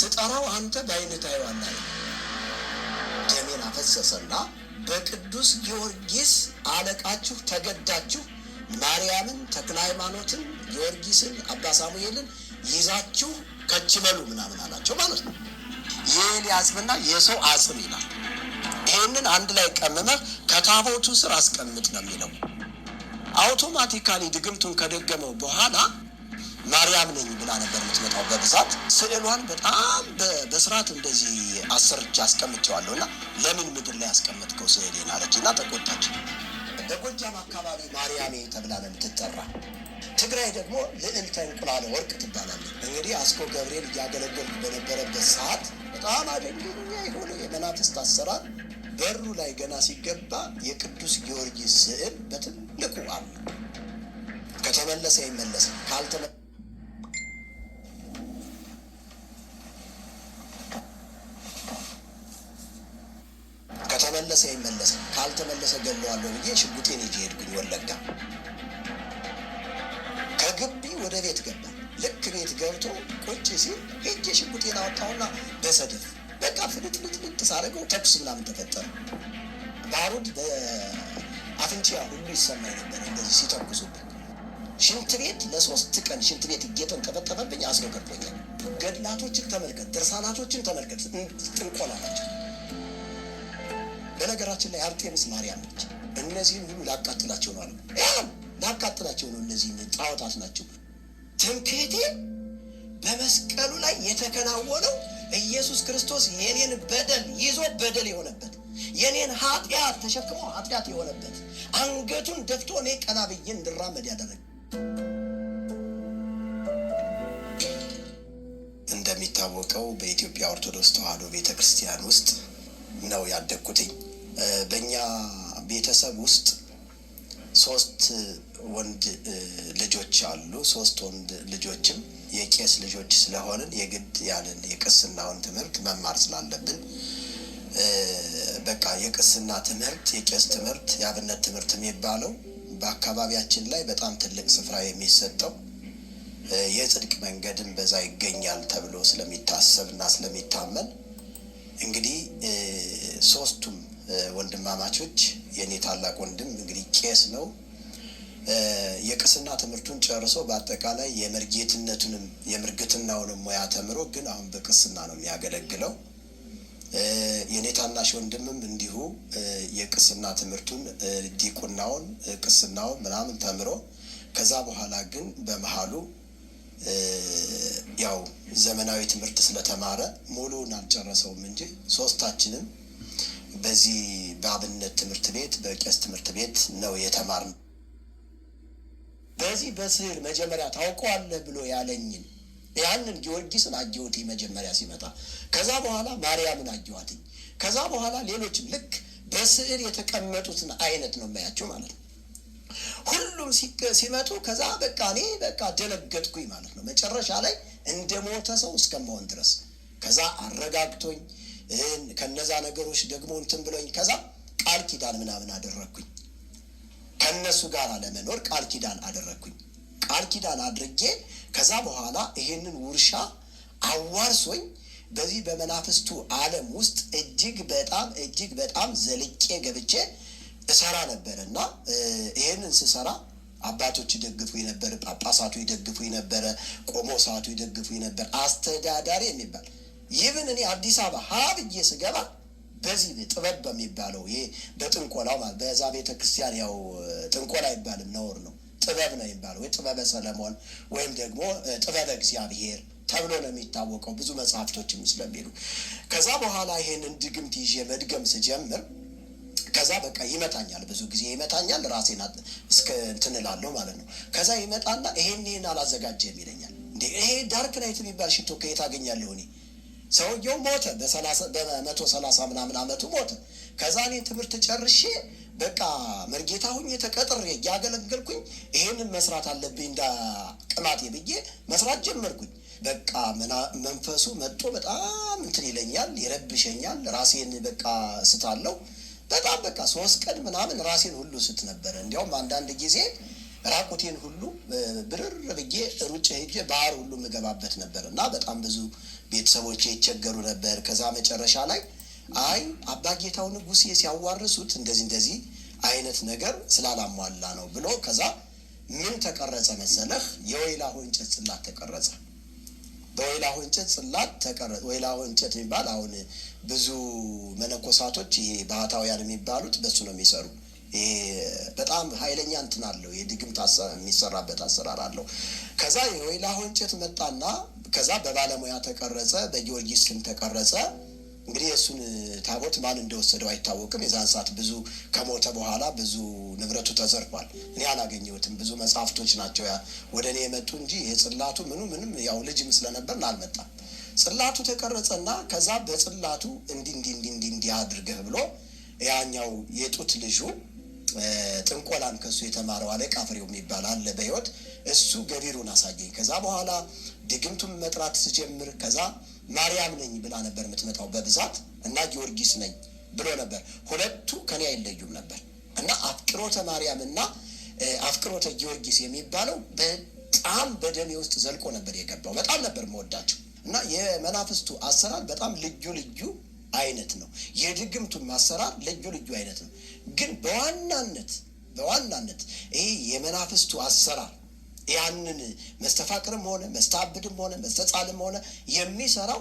ስጠራው አንተ በአይን ታየዋለህ። ደሜን አፈሰሰና በቅዱስ ጊዮርጊስ አለቃችሁ ተገዳችሁ ማርያምን፣ ተክለ ሃይማኖትን፣ ጊዮርጊስን፣ አባ ሳሙኤልን ይዛችሁ ከች በሉ ምናምን አላቸው ማለት ነው። የኤሊ አጽምና የሰው አጽም ይላል። ይህንን አንድ ላይ ቀምመህ ከታቦቱ ስር አስቀምጥ ነው የሚለው። አውቶማቲካሊ ድግምቱን ከደገመው በኋላ ማርያም ነኝ ብላ ነበር የምትመጣው በብዛት ስዕሏን በጣም በስርዓት እንደዚህ አሰርቼ አስቀምጨዋለሁ እና ለምን ምድር ላይ ያስቀመጥከው ስዕሌን አለች እና ተቆጣች። በጎጃም አካባቢ ማርያሜ ተብላ ነው የምትጠራ። ትግራይ ደግሞ ልዕልተ እንቁላለ ወርቅ ትባላለች። እንግዲህ አስኮ ገብርኤል እያገለገልኩ በነበረበት ሰዓት በጣም አደገኛ የሆነ የመናፍስት አሰራር በሩ ላይ ገና ሲገባ የቅዱስ ጊዮርጊስ ስዕል በትልቁ አሉ። ከተመለሰ ይመለሳል ካልተመ ከተመለሰ ይመለሰ፣ ካልተመለሰ ገለዋለሁ ብዬ ሽጉጤን ይዤ ሄድኩኝ ወለጋ። ከግቢ ወደ ቤት ገባ። ልክ ቤት ገብቶ ቁጭ ሲል ሄጄ ሽጉጤን አወጣሁና በሰደፍ በቃ ፍልጥልጥልጥ ሳደርገው ተኩስ ምናምን ተፈጠረ። ባሩድ በአፍንጫ ሁሉ ይሰማኝ ነበር እንደዚህ ሲተኩሱብኝ። ሽንት ቤት ለሶስት ቀን ሽንት ቤት እየተንጠበጠበብኝ አስረው ገርቶኛል። ገድላቶችን ተመልከት፣ ድርሳናቶችን ተመልከት፣ ጥንቆላ ናቸው። በነገራችን ላይ አርጤምስ ማርያም ነች። እነዚህም ሁሉ ላቃጥላቸው ነው አለ። ላቃጥላቸው ነው። እነዚህ ጣዖታት ናቸው። ትምክህቴ በመስቀሉ ላይ የተከናወነው ኢየሱስ ክርስቶስ የኔን በደል ይዞ በደል የሆነበት የኔን ኃጢአት ተሸክሞ ኃጢአት የሆነበት አንገቱን ደፍቶ እኔ ቀና ብዬ እንድራመድ ያደረገ እንደሚታወቀው በኢትዮጵያ ኦርቶዶክስ ተዋሕዶ ቤተ ክርስቲያን ውስጥ ነው ያደግኩትኝ። በእኛ ቤተሰብ ውስጥ ሶስት ወንድ ልጆች አሉ። ሶስት ወንድ ልጆችም የቄስ ልጆች ስለሆንን የግድ ያንን የቅስናውን ትምህርት መማር ስላለብን በቃ የቅስና ትምህርት የቄስ ትምህርት የአብነት ትምህርት የሚባለው በአካባቢያችን ላይ በጣም ትልቅ ስፍራ የሚሰጠው የጽድቅ መንገድም በዛ ይገኛል ተብሎ ስለሚታሰብ እና ስለሚታመን እንግዲህ ሶስቱም ወንድማማቾች የእኔ ታላቅ ወንድም እንግዲህ ቄስ ነው። የቅስና ትምህርቱን ጨርሶ በአጠቃላይ የመርጌትነቱንም የምርግትናውንም ሙያ ተምሮ ግን አሁን በቅስና ነው የሚያገለግለው። የእኔ ታናሽ ወንድምም እንዲሁ የቅስና ትምህርቱን ዲቁናውን፣ ቅስናውን ምናምን ተምሮ ከዛ በኋላ ግን በመሀሉ ያው ዘመናዊ ትምህርት ስለተማረ ሙሉውን አልጨረሰውም እንጂ ሶስታችንም በዚህ በአብነት ትምህርት ቤት በቄስ ትምህርት ቤት ነው የተማርነው። በዚህ በስዕል መጀመሪያ ታውቀዋለህ ብሎ ያለኝን ያንን ጊዮርጊስን አጌወቴ መጀመሪያ ሲመጣ፣ ከዛ በኋላ ማርያምን አጌዋትኝ፣ ከዛ በኋላ ሌሎችም ልክ በስዕል የተቀመጡትን አይነት ነው የማያቸው ማለት ነው። ሁሉም ሲመጡ ከዛ በቃ እኔ በቃ ደነገጥኩኝ ማለት ነው። መጨረሻ ላይ እንደ ሞተ ሰው እስከመሆን ድረስ ከዛ አረጋግቶኝ ይህን ከነዛ ነገሮች ደግሞ እንትን ብለኝ ከዛ ቃል ኪዳን ምናምን አደረግኩኝ። ከእነሱ ጋር ለመኖር ቃል ኪዳን አደረግኩኝ። ቃል ኪዳን አድርጌ ከዛ በኋላ ይሄንን ውርሻ አዋርሶኝ በዚህ በመናፍስቱ ዓለም ውስጥ እጅግ በጣም እጅግ በጣም ዘልቄ ገብቼ እሰራ ነበር እና ይሄንን ስሰራ አባቶች ይደግፉ ነበር፣ ጳጳሳቱ ይደግፉ ነበረ፣ ቆሞሳቱ ይደግፉ ነበር። አስተዳዳሪ የሚባል ይህን እኔ አዲስ አበባ ሀብዬ ስገባ በዚህ ጥበብ በሚባለው ይሄ በጥንቆላው በዛ ቤተ ክርስቲያን ያው ጥንቆላ አይባልም፣ ነውር ነው። ጥበብ ነው የሚባለው ወይ ጥበበ ሰለሞን ወይም ደግሞ ጥበበ እግዚአብሔር ተብሎ ነው የሚታወቀው ብዙ መጽሐፍቶችም ስለሚሉ። ከዛ በኋላ ይሄንን ድግምት ይዤ መድገም ስጀምር ከዛ በቃ ይመጣኛል፣ ብዙ ጊዜ ይመጣኛል። ራሴን እስከ እንትን እላለሁ ማለት ነው። ከዛ ይመጣና ይሄን ይሄን አላዘጋጀም ይለኛል። እንዴ ይሄ ዳርክ ናይት የሚባል ሽቶ ከየት አገኛለሁ እኔ ሰውየው ሞተ በመቶ ሰላሳ ምናምን አመቱ ሞተ። ከዛ እኔ ትምህርት ጨርሼ በቃ መርጌታ ሁኜ ተቀጥሬ እያገለገልኩኝ ይሄንን መስራት አለብኝ እንደ ቅማቴ ብዬ መስራት ጀመርኩኝ። በቃ መንፈሱ መጥቶ በጣም እንትን ይለኛል፣ ይረብሸኛል። ራሴን በቃ ስታለው በጣም በቃ ሶስት ቀን ምናምን ራሴን ሁሉ ስት ነበረ። እንዲያውም አንዳንድ ጊዜ ራቁቴን ሁሉ ብርር ብዬ ሩጭ ሄጄ ባህር ሁሉ የምገባበት ነበር እና በጣም ብዙ ቤተሰቦቼ ይቸገሩ ነበር። ከዛ መጨረሻ ላይ አይ አባ ጌታው ንጉሴ ሲያዋርሱት እንደዚህ እንደዚህ አይነት ነገር ስላላሟላ ነው ብሎ ከዛ ምን ተቀረጸ መሰለህ? የወይላ እንጨት ጽላት ተቀረጸ። በወይላሆ እንጨት ጽላት ተቀረጸ። ወይላሆ እንጨት የሚባል አሁን ብዙ መነኮሳቶች ይሄ ባህታውያን የሚባሉት በሱ ነው የሚሰሩ። ይሄ በጣም ኃይለኛ እንትን አለው የድግምት የሚሰራበት አሰራር አለው። ከዛ የወይላሆ እንጨት መጣና ከዛ በባለሙያ ተቀረጸ፣ በጊዮርጊስ ስም ተቀረጸ። እንግዲህ የእሱን ታቦት ማን እንደወሰደው አይታወቅም። የዛን ሰዓት ብዙ ከሞተ በኋላ ብዙ ንብረቱ ተዘርፏል። እኔ አላገኘሁትም። ብዙ መጽሐፍቶች ናቸው ወደ እኔ የመጡ እንጂ ይሄ ጽላቱ ምኑ ምንም ያው ልጅም ስለነበር አልመጣም። ጽላቱ ተቀረጸና ከዛ በጽላቱ እንዲ እንዲ እንዲ እንዲ እንዲ አድርገህ ብሎ ያኛው የጡት ልጁ ጥንቆላም ከሱ የተማረው አለቃ ፍሬው የሚባል አለ በሕይወት እሱ ገቢሩን አሳየኝ። ከዛ በኋላ ድግምቱን መጥራት ስጀምር ከዛ ማርያም ነኝ ብላ ነበር የምትመጣው በብዛት እና ጊዮርጊስ ነኝ ብሎ ነበር። ሁለቱ ከኔ አይለዩም ነበር እና አፍቅሮተ ማርያም እና አፍቅሮተ ጊዮርጊስ የሚባለው በጣም በደሜ ውስጥ ዘልቆ ነበር የገባው። በጣም ነበር መወዳቸው እና የመናፍስቱ አሰራር በጣም ልዩ ልዩ አይነት ነው። የድግምቱም አሰራር ልዩ ልዩ አይነት ነው። ግን በዋናነት በዋናነት ይሄ የመናፍስቱ አሰራር ያንን መስተፋቅርም ሆነ መስተአብድም ሆነ መስተጻልም ሆነ የሚሰራው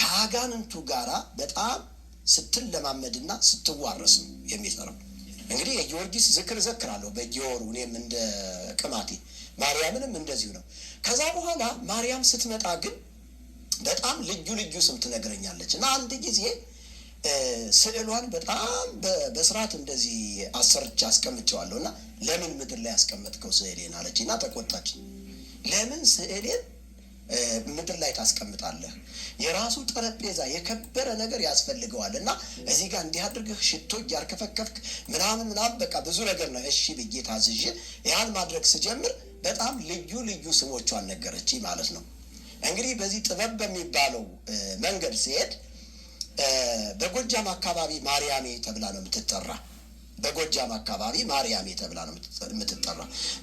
ከአጋንንቱ ጋር በጣም ስትለማመድና ስትዋረስ ነው የሚሰራው። እንግዲህ የጊዮርጊስ ዝክር እዘክራለሁ በየወሩ እኔም እንደ ቅማቴ፣ ማርያምንም እንደዚሁ ነው። ከዛ በኋላ ማርያም ስትመጣ ግን በጣም ልዩ ልዩ ስም ትነግረኛለች እና አንድ ጊዜ ስዕሏን በጣም በስርዓት እንደዚህ አሰርቼ አስቀምጨዋለሁ እና ለምን ምድር ላይ ያስቀመጥከው ስዕሌን አለች እና ተቆጣች። ለምን ስዕሌን ምድር ላይ ታስቀምጣለህ? የራሱ ጠረጴዛ የከበረ ነገር ያስፈልገዋል እና እዚህ ጋር እንዲህ አድርገህ ሽቶ ያርከፈከፍክ ምናምን ምናምን በቃ ብዙ ነገር ነው። እሺ ብዬ ታዝዤ ያን ማድረግ ስጀምር በጣም ልዩ ልዩ ስሞቿን ነገረች ማለት ነው። እንግዲህ በዚህ ጥበብ በሚባለው መንገድ ሲሄድ በጎጃም አካባቢ ማርያሜ ተብላ ነው የምትጠራ። በጎጃም አካባቢ ማርያሜ ተብላ ነው የምትጠራ።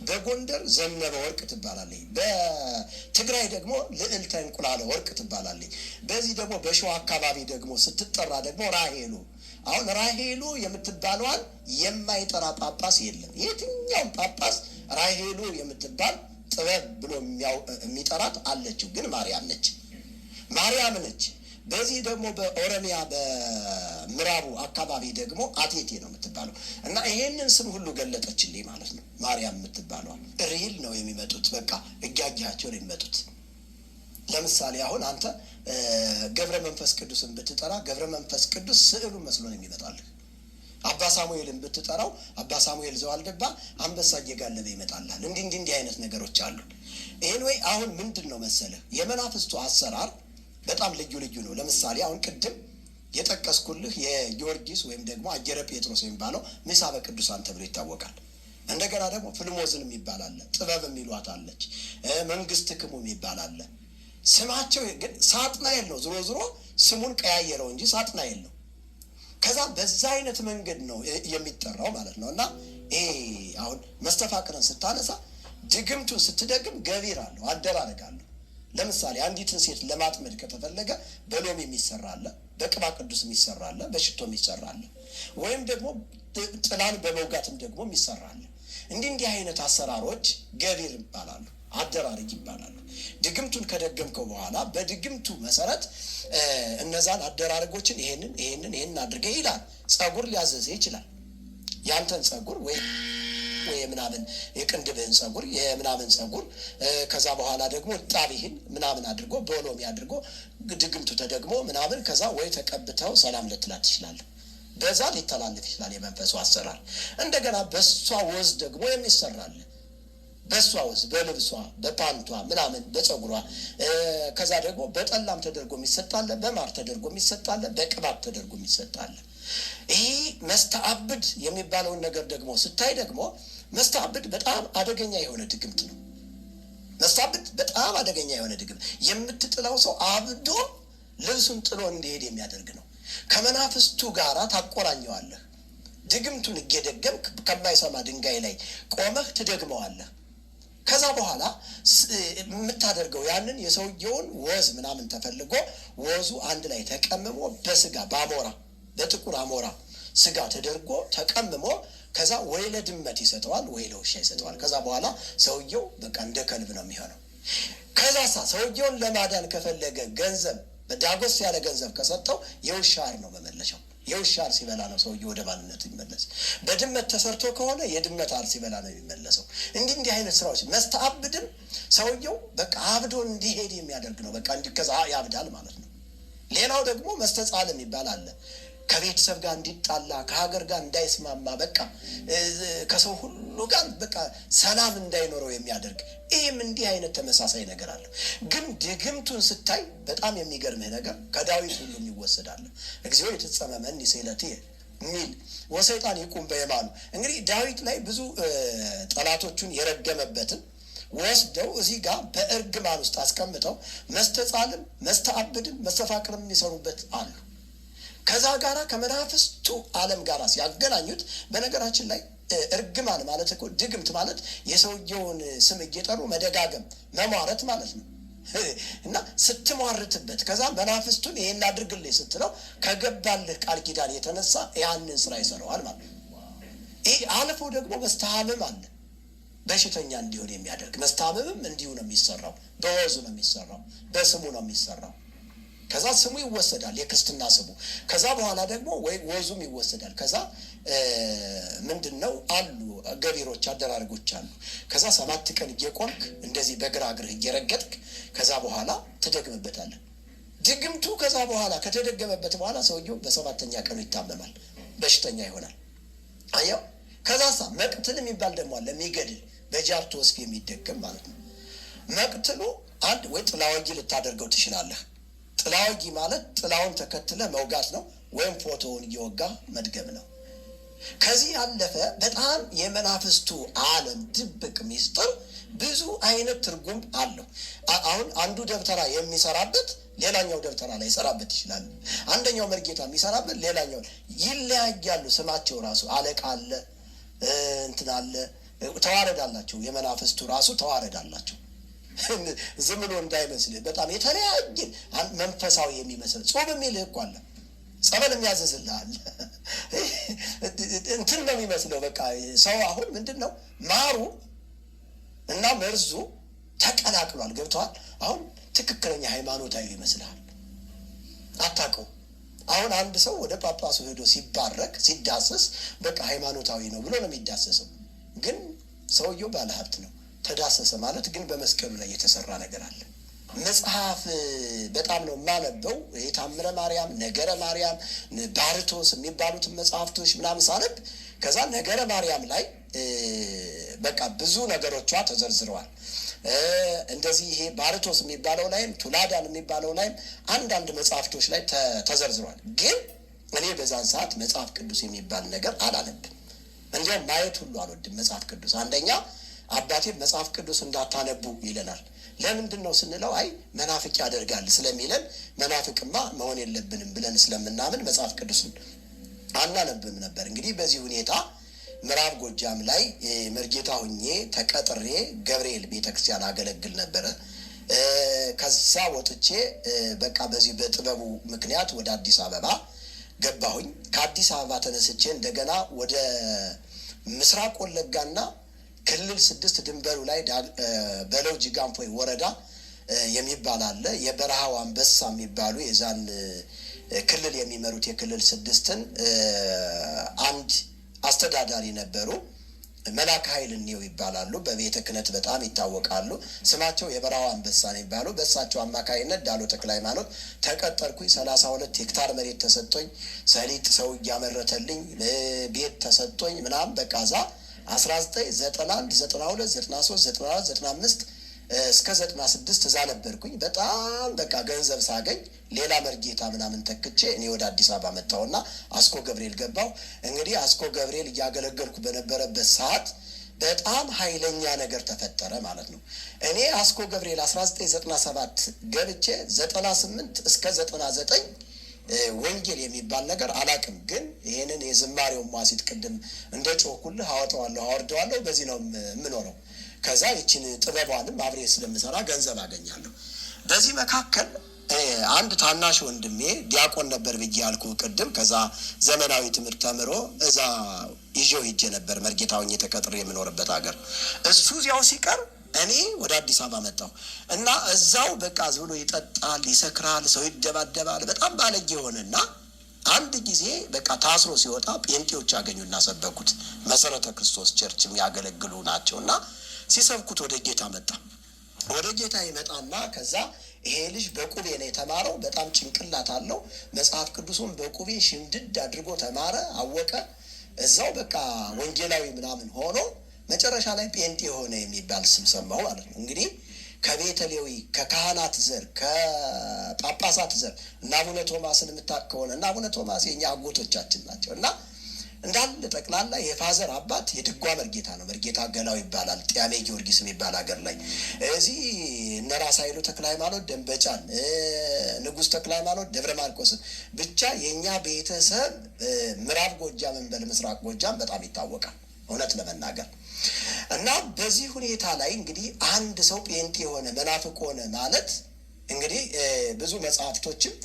በጎንደር ዘነበ ወርቅ ትባላለች። በትግራይ ደግሞ ልዕልተ እንቁላለ ወርቅ ትባላለች። በዚህ ደግሞ በሸዋ አካባቢ ደግሞ ስትጠራ ደግሞ ራሄሉ አሁን ራሄሉ የምትባለዋን የማይጠራ ጳጳስ የለም። የትኛውም ጳጳስ ራሄሉ የምትባል ጥበብ ብሎ የሚጠራት አለችው፣ ግን ማርያም ነች። ማርያም ነች በዚህ ደግሞ በኦሮሚያ በምዕራቡ አካባቢ ደግሞ አቴቴ ነው የምትባለው እና ይሄንን ስም ሁሉ ገለጠችልኝ ማለት ነው። ማርያም የምትባለዋል ሪል ነው የሚመጡት፣ በቃ እጃጃቸው ነው የሚመጡት። ለምሳሌ አሁን አንተ ገብረ መንፈስ ቅዱስን ብትጠራ ገብረ መንፈስ ቅዱስ ስዕሉን መስሎ ነው የሚመጣልህ። አባ ሳሙኤልን ብትጠራው አባ ሳሙኤል ዘዋልድባ አንበሳ እየጋለበ ይመጣልሃል። እንዲህ እንዲህ እንዲህ አይነት ነገሮች አሉ። ይህን ወይ አሁን ምንድን ነው መሰለህ የመናፍስቱ አሰራር በጣም ልዩ ልዩ ነው። ለምሳሌ አሁን ቅድም የጠቀስኩልህ የጊዮርጊስ ወይም ደግሞ አጀረ ጴጥሮስ የሚባለው ምሳበ ቅዱሳን ተብሎ ይታወቃል። እንደገና ደግሞ ፍልሞዝን የሚባል አለ፣ ጥበብ የሚሏት አለች፣ መንግስት ክሙ የሚባል አለ። ስማቸው ግን ሳጥናኤል ነው። ዝሮ ዝሮ ስሙን ቀያየረው እንጂ ሳጥናኤል ነው። ከዛ በዛ አይነት መንገድ ነው የሚጠራው ማለት ነው። እና አሁን መስተፋቅርን ስታነሳ ድግምቱን ስትደግም ገቢር አለው፣ አደራረግ አለው። ለምሳሌ አንዲትን ሴት ለማጥመድ ከተፈለገ በሎሚ የሚሰራ አለ፣ በቅባ ቅዱስ የሚሰራ አለ፣ በሽቶ የሚሰራ አለ፣ ወይም ደግሞ ጥላን በመውጋትም ደግሞ የሚሰራ አለ። እንዲህ እንዲህ አይነት አሰራሮች ገቢር ይባላሉ፣ አደራረግ ይባላሉ። ድግምቱን ከደገምከው በኋላ በድግምቱ መሰረት እነዛን አደራረጎችን ይሄንን ይሄንን ይሄንን አድርገ ይላል። ጸጉር ሊያዘዘ ይችላል። ያንተን ጸጉር ወይ ደግሞ የምናምን የቅንድብህን ጸጉር የምናምን ጸጉር ከዛ በኋላ ደግሞ ጣቢህን ምናምን አድርጎ በሎሚ አድርጎ ድግምቱ ተደግሞ ምናምን ከዛ ወይ ተቀብተው ሰላም ልትላ ትችላለ። በዛ ሊተላለፍ ይችላል የመንፈሱ አሰራር። እንደገና በሷ ወዝ ደግሞ የሚሰራል በእሷ ውስጥ በልብሷ በፓንቷ ምናምን በፀጉሯ ከዛ ደግሞ በጠላም ተደርጎ የሚሰጣለ በማር ተደርጎ የሚሰጣለ በቅባት ተደርጎ የሚሰጣለ ይህ መስተአብድ የሚባለውን ነገር ደግሞ ስታይ ደግሞ መስታብድ በጣም አደገኛ የሆነ ድግምት ነው። መስታብድ በጣም አደገኛ የሆነ ድግምት የምትጥለው ሰው አብዶ ልብሱን ጥሎ እንዲሄድ የሚያደርግ ነው። ከመናፍስቱ ጋር ታቆራኘዋለህ። ድግምቱን እየደገምክ ከማይሰማ ድንጋይ ላይ ቆመህ ትደግመዋለህ። ከዛ በኋላ የምታደርገው ያንን የሰውየውን ወዝ ምናምን ተፈልጎ ወዙ አንድ ላይ ተቀምሞ በስጋ በአሞራ በጥቁር አሞራ ስጋ ተደርጎ ተቀምሞ ከዛ ወይ ለድመት ይሰጠዋል ወይ ለውሻ ይሰጠዋል። ከዛ በኋላ ሰውየው በቃ እንደ ከልብ ነው የሚሆነው። ከዛ ሳ ሰውየውን ለማዳን ከፈለገ ገንዘብ በዳጎስ ያለ ገንዘብ ከሰጠው የውሻ አር ነው መመለሻው። የውሻር ሲበላ ነው ሰውየው ወደ ባልነት የሚመለስ። በድመት ተሰርቶ ከሆነ የድመት አር ሲበላ ነው የሚመለሰው። እንዲህ እንዲህ አይነት ስራዎች መስተአብድም ሰውየው በቃ አብዶ እንዲሄድ የሚያደርግ ነው። በቃ ከዛ ያብዳል ማለት ነው። ሌላው ደግሞ መስተጻል የሚባል አለ ከቤተሰብ ጋር እንዲጣላ ከሀገር ጋር እንዳይስማማ በቃ ከሰው ሁሉ ጋር በቃ ሰላም እንዳይኖረው የሚያደርግ ይህም እንዲህ አይነት ተመሳሳይ ነገር አለው። ግን ድግምቱን ስታይ በጣም የሚገርምህ ነገር ከዳዊት ሁሉ ይወሰዳል። እግዚኦ የትጸመመኒ ስእለትየ ሚል ወሰይጣን ይቁም በየማኑ እንግዲህ ዳዊት ላይ ብዙ ጠላቶቹን የረገመበትን ወስደው እዚህ ጋር በእርግማን ውስጥ አስቀምጠው መስተጻልም መስተአብድም መስተፋቅርም የሚሰሩበት አሉ። ከዛ ጋራ ከመናፍስቱ ዓለም ጋር ሲያገናኙት በነገራችን ላይ እርግማን ማለት እኮ ድግምት ማለት የሰውየውን ስም እየጠሩ መደጋገም መሟረት ማለት ነው። እና ስትሟርትበት ከዛ መናፍስቱን ይሄን አድርግልህ ስትለው ከገባልህ ቃል ኪዳን የተነሳ ያንን ስራ ይሰራዋል ማለት ነው። ይህ አልፎ ደግሞ መስተሐመም አለ በሽተኛ እንዲሆን የሚያደርግ መስተሐመምም እንዲሁ ነው የሚሰራው። በወዙ ነው የሚሰራው። በስሙ ነው የሚሰራው። ከዛ ስሙ ይወሰዳል፣ የክርስትና ስሙ። ከዛ በኋላ ደግሞ ወይ ወዙም ይወሰዳል። ከዛ ምንድን ነው አሉ ገቢሮች፣ አደራረጎች አሉ። ከዛ ሰባት ቀን እየቆምክ እንደዚህ በግራ እግርህ እየረገጥክ ከዛ በኋላ ትደግምበታለህ። ድግምቱ ከዛ በኋላ ከተደገመበት በኋላ ሰውየው በሰባተኛ ቀኑ ይታመማል፣ በሽተኛ ይሆናል። አየው። ከዛ ሳ መቅትል የሚባል ደግሞ አለ፣ የሚገድል በጃርቶ ወስፍ የሚደገም ማለት ነው። መቅትሉ አንድ ወይ ጥላ ወጊ ልታደርገው ትችላለህ ጥላውጊ ማለት ጥላውን ተከትለ መውጋት ነው፣ ወይም ፎቶውን እየወጋ መድገም ነው። ከዚህ ያለፈ በጣም የመናፍስቱ ዓለም ድብቅ ሚስጥር ብዙ አይነት ትርጉም አለው። አሁን አንዱ ደብተራ የሚሰራበት ሌላኛው ደብተራ ላይ ይሰራበት ይችላል። አንደኛው መርጌታ የሚሰራበት ሌላኛው ይለያያሉ። ስማቸው ራሱ አለቃ አለ፣ እንትን አለ፣ ተዋረዳላቸው። የመናፍስቱ ራሱ ተዋረዳላቸው። ዝም ብሎ እንዳይመስልህ በጣም የተለያየ መንፈሳዊ የሚመስል ጾም የሚልህ እኮ አለ። ጸበል የሚያዘዝልሃል እንትን ነው የሚመስለው። በቃ ሰው አሁን ምንድን ነው ማሩ እና መርዙ ተቀላቅሏል። ገብተዋል። አሁን ትክክለኛ ሃይማኖታዊ ይመስልሃል። አታቀው አሁን አንድ ሰው ወደ ጳጳሱ ሄዶ ሲባረክ ሲዳሰስ፣ በቃ ሃይማኖታዊ ነው ብሎ ነው የሚዳሰሰው። ግን ሰውየው ባለሀብት ነው። ተዳሰሰ ማለት ግን በመስቀሉ ላይ የተሰራ ነገር አለ። መጽሐፍ በጣም ነው የማነበው። የታምረ ማርያም፣ ነገረ ማርያም፣ ባርቶስ የሚባሉትን መጽሐፍቶች ምናምን ሳነብ ከዛ ነገረ ማርያም ላይ በቃ ብዙ ነገሮቿ ተዘርዝረዋል። እንደዚህ ይሄ ባርቶስ የሚባለው ላይም ቱላዳን የሚባለው ላይም አንዳንድ መጽሐፍቶች ላይ ተዘርዝረዋል። ግን እኔ በዛን ሰዓት መጽሐፍ ቅዱስ የሚባል ነገር አላለብም። እንዲያውም ማየት ሁሉ አልወድም መጽሐፍ ቅዱስ አንደኛ አባቴ መጽሐፍ ቅዱስ እንዳታነቡ ይለናል። ለምንድን ነው ስንለው፣ አይ መናፍቅ ያደርጋል ስለሚለን መናፍቅማ መሆን የለብንም ብለን ስለምናምን መጽሐፍ ቅዱስን አናነብም ነበር። እንግዲህ በዚህ ሁኔታ ምዕራብ ጎጃም ላይ መርጌታ ሁኜ ተቀጥሬ ገብርኤል ቤተክርስቲያን አገለግል ነበረ። ከዛ ወጥቼ በቃ በዚህ በጥበቡ ምክንያት ወደ አዲስ አበባ ገባሁኝ። ከአዲስ አበባ ተነስቼ እንደገና ወደ ምስራቅ ወለጋና ክልል ስድስት ድንበሩ ላይ በለው ጅጋንፎይ ወረዳ የሚባል አለ። የበረሃው አንበሳ የሚባሉ የዛን ክልል የሚመሩት የክልል ስድስትን አንድ አስተዳዳሪ ነበሩ። መላክ ኃይል እኒው ይባላሉ። በቤተ ክህነት በጣም ይታወቃሉ። ስማቸው የበረሃው አንበሳ ነው ይባሉ። በእሳቸው አማካይነት ዳሎ ተክለ ሃይማኖት ተቀጠርኩኝ። ሰላሳ ሁለት ሄክታር መሬት ተሰጥቶኝ፣ ሰሊጥ ሰው እያመረተልኝ፣ ቤት ተሰጥቶኝ ምናምን በቃዛ 1991 92 93 94 95 እስከ 96 እዛ ነበርኩኝ። በጣም በቃ ገንዘብ ሳገኝ ሌላ መርጌታ ምናምን ተክቼ እኔ ወደ አዲስ አበባ መጣሁና አስኮ ገብርኤል ገባሁ። እንግዲህ አስኮ ገብርኤል እያገለገልኩ በነበረበት ሰዓት በጣም ኃይለኛ ነገር ተፈጠረ ማለት ነው። እኔ አስኮ ገብርኤል 1997 ገብቼ 98 እስከ 99 ወንጌል የሚባል ነገር አላቅም። ግን ይሄንን የዝማሬውን ማሲት ቅድም እንደ ጮኩልህ አወጠዋለሁ አወርደዋለሁ። በዚህ ነው የምኖረው። ከዛ ይችን ጥበቧንም አብሬ ስለምሰራ ገንዘብ አገኛለሁ። በዚህ መካከል አንድ ታናሽ ወንድሜ ዲያቆን ነበር ብዬ ያልኩ ቅድም። ከዛ ዘመናዊ ትምህርት ተምሮ እዛ ይዤው ሂጄ ነበር መርጌታውኝ ሆኜ የምኖርበት ሀገር እሱ እዚያው ሲቀር እኔ ወደ አዲስ አበባ መጣሁ እና እዛው በቃ ዝብሎ ይጠጣል፣ ይሰክራል፣ ሰው ይደባደባል። በጣም ባለጌ የሆነና አንድ ጊዜ በቃ ታስሮ ሲወጣ ጴንጤዎች ያገኙ እናሰበኩት መሰረተ ክርስቶስ ቸርች የሚያገለግሉ ናቸው እና ሲሰብኩት ወደ ጌታ መጣ። ወደ ጌታ ይመጣና ከዛ ይሄ ልጅ በቁቤ ነው የተማረው። በጣም ጭንቅላት አለው። መጽሐፍ ቅዱሱን በቁቤ ሽምድድ አድርጎ ተማረ፣ አወቀ። እዛው በቃ ወንጌላዊ ምናምን ሆኖ መጨረሻ ላይ ጴንጤ የሆነ የሚባል ስም ሰማው ማለት ነው። እንግዲህ ከቤተ ሌዊ ከካህናት ዘር ከጳጳሳት ዘር እና አቡነ ቶማስን የምታውቅ ከሆነ እና አቡነ ቶማስ የኛ አጎቶቻችን ናቸው እና እንዳለ ጠቅላላ የፋዘር አባት የድጓ መርጌታ ነው። መርጌታ ገላው ይባላል። ጥያሜ ጊዮርጊስ የሚባል ሀገር ላይ እዚህ እነ ራስ ኃይሉ ተክለ ሃይማኖት ደንበጫን፣ ንጉሥ ተክለ ሃይማኖት ደብረ ማርቆስን ብቻ የእኛ ቤተሰብ ምዕራብ ጎጃም እንበል ምስራቅ ጎጃም በጣም ይታወቃል እውነት ለመናገር እና በዚህ ሁኔታ ላይ እንግዲህ አንድ ሰው ጴንጤ የሆነ መናፍቅ ሆነ ማለት እንግዲህ ብዙ መጽሐፍቶችም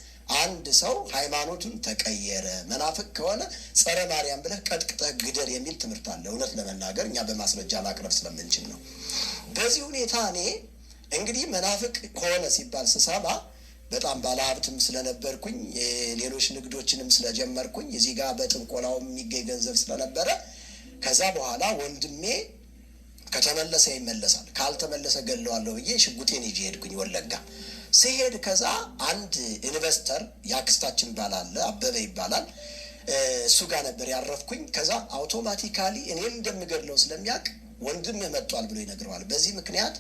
አንድ ሰው ሃይማኖቱን ተቀየረ መናፍቅ ከሆነ ጸረ ማርያም ብለህ ቀጥቅጠህ ግደር የሚል ትምህርት አለ። እውነት ለመናገር እኛ በማስረጃ ማቅረብ ስለምንችል ነው። በዚህ ሁኔታ እኔ እንግዲህ መናፍቅ ከሆነ ሲባል ስሰማ በጣም ባለሀብትም ስለነበርኩኝ ሌሎች ንግዶችንም ስለጀመርኩኝ እዚህ ጋር በጥንቆላው የሚገኝ ገንዘብ ስለነበረ ከዛ በኋላ ወንድሜ ከተመለሰ ይመለሳል፣ ካልተመለሰ ገለዋለሁ ብዬ ሽጉጤን ይዤ ሄድኩኝ ወለጋ። ስሄድ ከዛ አንድ ኢንቨስተር የአክስታችን ባላለ አበበ ይባላል። እሱ ጋር ነበር ያረፍኩኝ። ከዛ አውቶማቲካሊ እኔም እንደምገድለው ስለሚያውቅ ወንድም መጥቷል ብሎ ይነግረዋል። በዚህ ምክንያት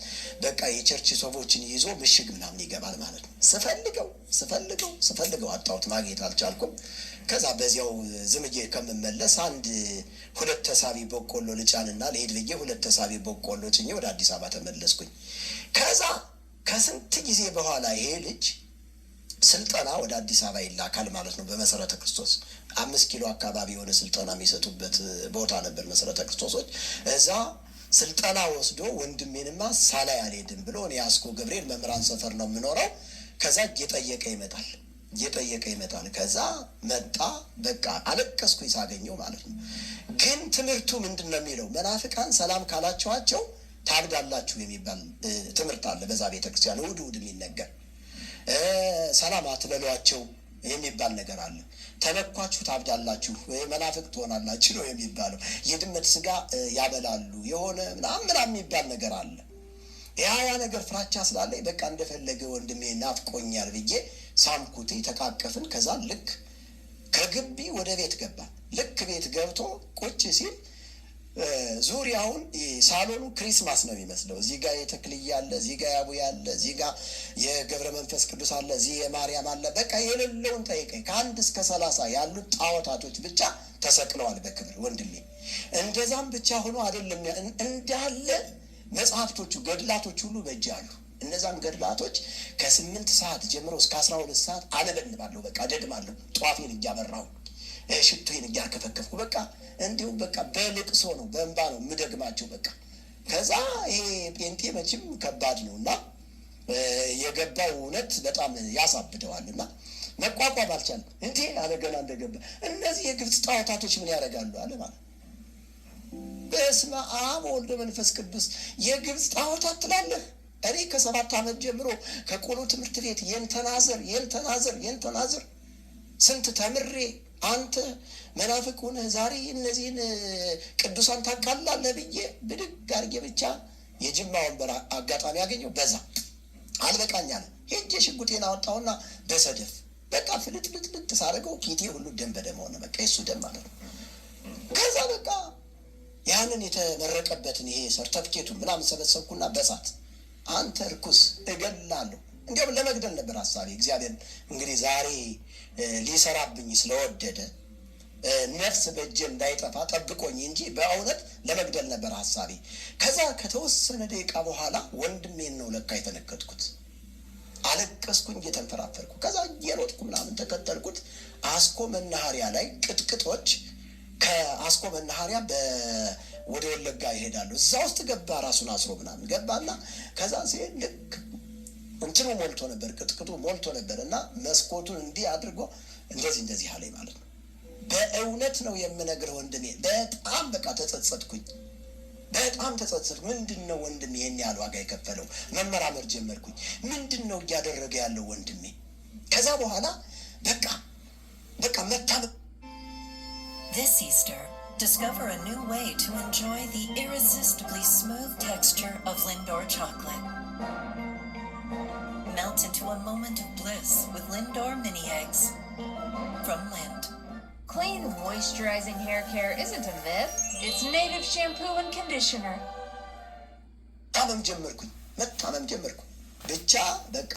በቃ የቸርች ሰዎችን ይዞ ምሽግ ምናምን ይገባል ማለት ነው። ስፈልገው ስፈልገው ስፈልገው አጣሁት፣ ማግኘት አልቻልኩም። ከዛ በዚያው ዝምዬ ከምመለስ አንድ ሁለት ተሳቢ በቆሎ ልጫንና ልሄድ ብዬ ሁለት ተሳቢ በቆሎ ጭኜ ወደ አዲስ አበባ ተመለስኩኝ። ከዛ ከስንት ጊዜ በኋላ ይሄ ልጅ ስልጠና ወደ አዲስ አበባ ይላካል ማለት ነው። በመሰረተ ክርስቶስ አምስት ኪሎ አካባቢ የሆነ ስልጠና የሚሰጡበት ቦታ ነበር መሰረተ ክርስቶሶች እዛ ስልጠና ወስዶ ወንድሜንማ ሳላ ያልሄድም ብሎ እኔ አስኮ ገብርኤል መምህራን ሰፈር ነው የምኖረው። ከዛ እየጠየቀ ይመጣል እየጠየቀ ይመጣል። ከዛ መጣ። በቃ አለቀስኩ ሳገኘው ማለት ነው። ግን ትምህርቱ ምንድን ነው የሚለው? መናፍቃን ሰላም ካላቸዋቸው ታብዳላችሁ የሚባል ትምህርት አለ በዛ ቤተክርስቲያን፣ እሑድ እሑድ የሚነገር ሰላም አትበሏቸው የሚባል ነገር አለ። ተበኳችሁ ታብዳላችሁ ወይ መናፍቅ ትሆናላችሁ ነው የሚባለው። የድመት ስጋ ያበላሉ የሆነ ምናምን ምናምን የሚባል ነገር አለ። ያ ነገር ፍራቻ ስላለ በቃ እንደፈለገ ወንድሜ ናፍቆኛል ብዬ ሳምኩቴ፣ ተቃቀፍን። ከዛ ልክ ከግቢ ወደ ቤት ገባ። ልክ ቤት ገብቶ ቁጭ ሲል ዙሪያውን ሳሎኑ ክሪስማስ ነው የሚመስለው። እዚህ ጋር የተክልያ አለ፣ እዚህ ጋር ያቡ አለ፣ እዚህ ጋር የገብረ መንፈስ ቅዱስ አለ፣ እዚህ የማርያም አለ። በቃ የሌለውን ጠይቀኝ። ከአንድ እስከ ሰላሳ ያሉት ጣዖታቶች ብቻ ተሰቅለዋል በክብር ወንድሜ። እንደዛም ብቻ ሆኖ አይደለም እንዳለ መጽሐፍቶቹ ገድላቶች ሁሉ በእጅ አሉ። እነዛን ገድላቶች ከስምንት ሰዓት ጀምሮ እስከ አስራ ሁለት ሰዓት አነበንባለሁ። በቃ ደግማለሁ። ጠዋፌን እያበራሁ ሽቶዬን እያርከፈከፍኩ በቃ እንዲሁም በቃ በልቅሶ ነው በእንባ ነው የምደግማቸው። በቃ ከዛ ይሄ ጴንጤ መቼም ከባድ ነው እና የገባው እውነት በጣም ያሳብደዋል እና መቋቋም አልቻለም። እንዴ አለ ገና እንደገባ እነዚህ የግብፅ ጣዖታቶች ምን ያደርጋሉ አለ ማለት በስመ አብ ወልደ መንፈስ ቅዱስ የግብፅ ጣዖታት ትላለህ። እኔ ከሰባት ዓመት ጀምሮ ከቆሎ ትምህርት ቤት የንተናዘር የንተናዘር የንተናዘር ስንት ተምሬ አንተ መናፍቅ ሆነህ ዛሬ እነዚህን ቅዱሳን ታጋላለህ ብዬ ብድግ አድርጌ ብቻ የጅማ ወንበር አጋጣሚ ያገኘው በዛ አልበቃኝ አለ። ሄጄ ሽጉጤን አወጣውና በሰደፍ በቃ ፍልጥልጥልጥ ሳደርገው ኪቴ ሁሉ ደም በደም ሆነ። በቃ የሱ ደም አለ። ከዛ በቃ ያንን የተመረቀበትን ይሄ ሰርተፍኬቱን ምናምን ሰበሰብኩና በሳት አንተ እርኩስ እገላለሁ እንዲያውም ለመግደል ነበር ሀሳቤ። እግዚአብሔር እንግዲህ ዛሬ ሊሰራብኝ ስለወደደ ነፍስ በእጄ እንዳይጠፋ ጠብቆኝ እንጂ በእውነት ለመግደል ነበር ሀሳቤ። ከዛ ከተወሰነ ደቂቃ በኋላ ወንድሜን ነው ለካ የተነከትኩት። አለቀስኩኝ እየተንፈራፈርኩ። ከዛ እየሮጥኩ ምናምን ተከተልኩት። አስኮ መናኸሪያ ላይ ቅጥቅጦች ከአስኮ መናኸሪያ ወደ ወለጋ ይሄዳሉ። እዛ ውስጥ ገባ ራሱን አስሮ ምናምን ገባና ከዛ ሲሄድ ልክ እንትኑ ሞልቶ ነበር፣ ቅጥቅጡ ሞልቶ ነበር እና መስኮቱን እንዲህ አድርጎ እንደዚህ እንደዚህ አለኝ ማለት ነው። በእውነት ነው የምነግርህ ወንድሜ፣ በጣም በቃ ተጸጸጥኩኝ። በጣም ተጸጸትኩ። ምንድን ነው ወንድሜ ይህን ያህል ዋጋ የከፈለው? መመራመር ጀመርኩኝ። ምንድን ነው እያደረገ ያለው ወንድሜ? ከዛ በኋላ በቃ በቃ መታመ This Easter, discover a new way to enjoy the irresistibly smooth texture of Lindor chocolate. moment of bliss with Lindor mini eggs from Lind. Clean, moisturizing hair care isn't a myth. It's native shampoo and conditioner.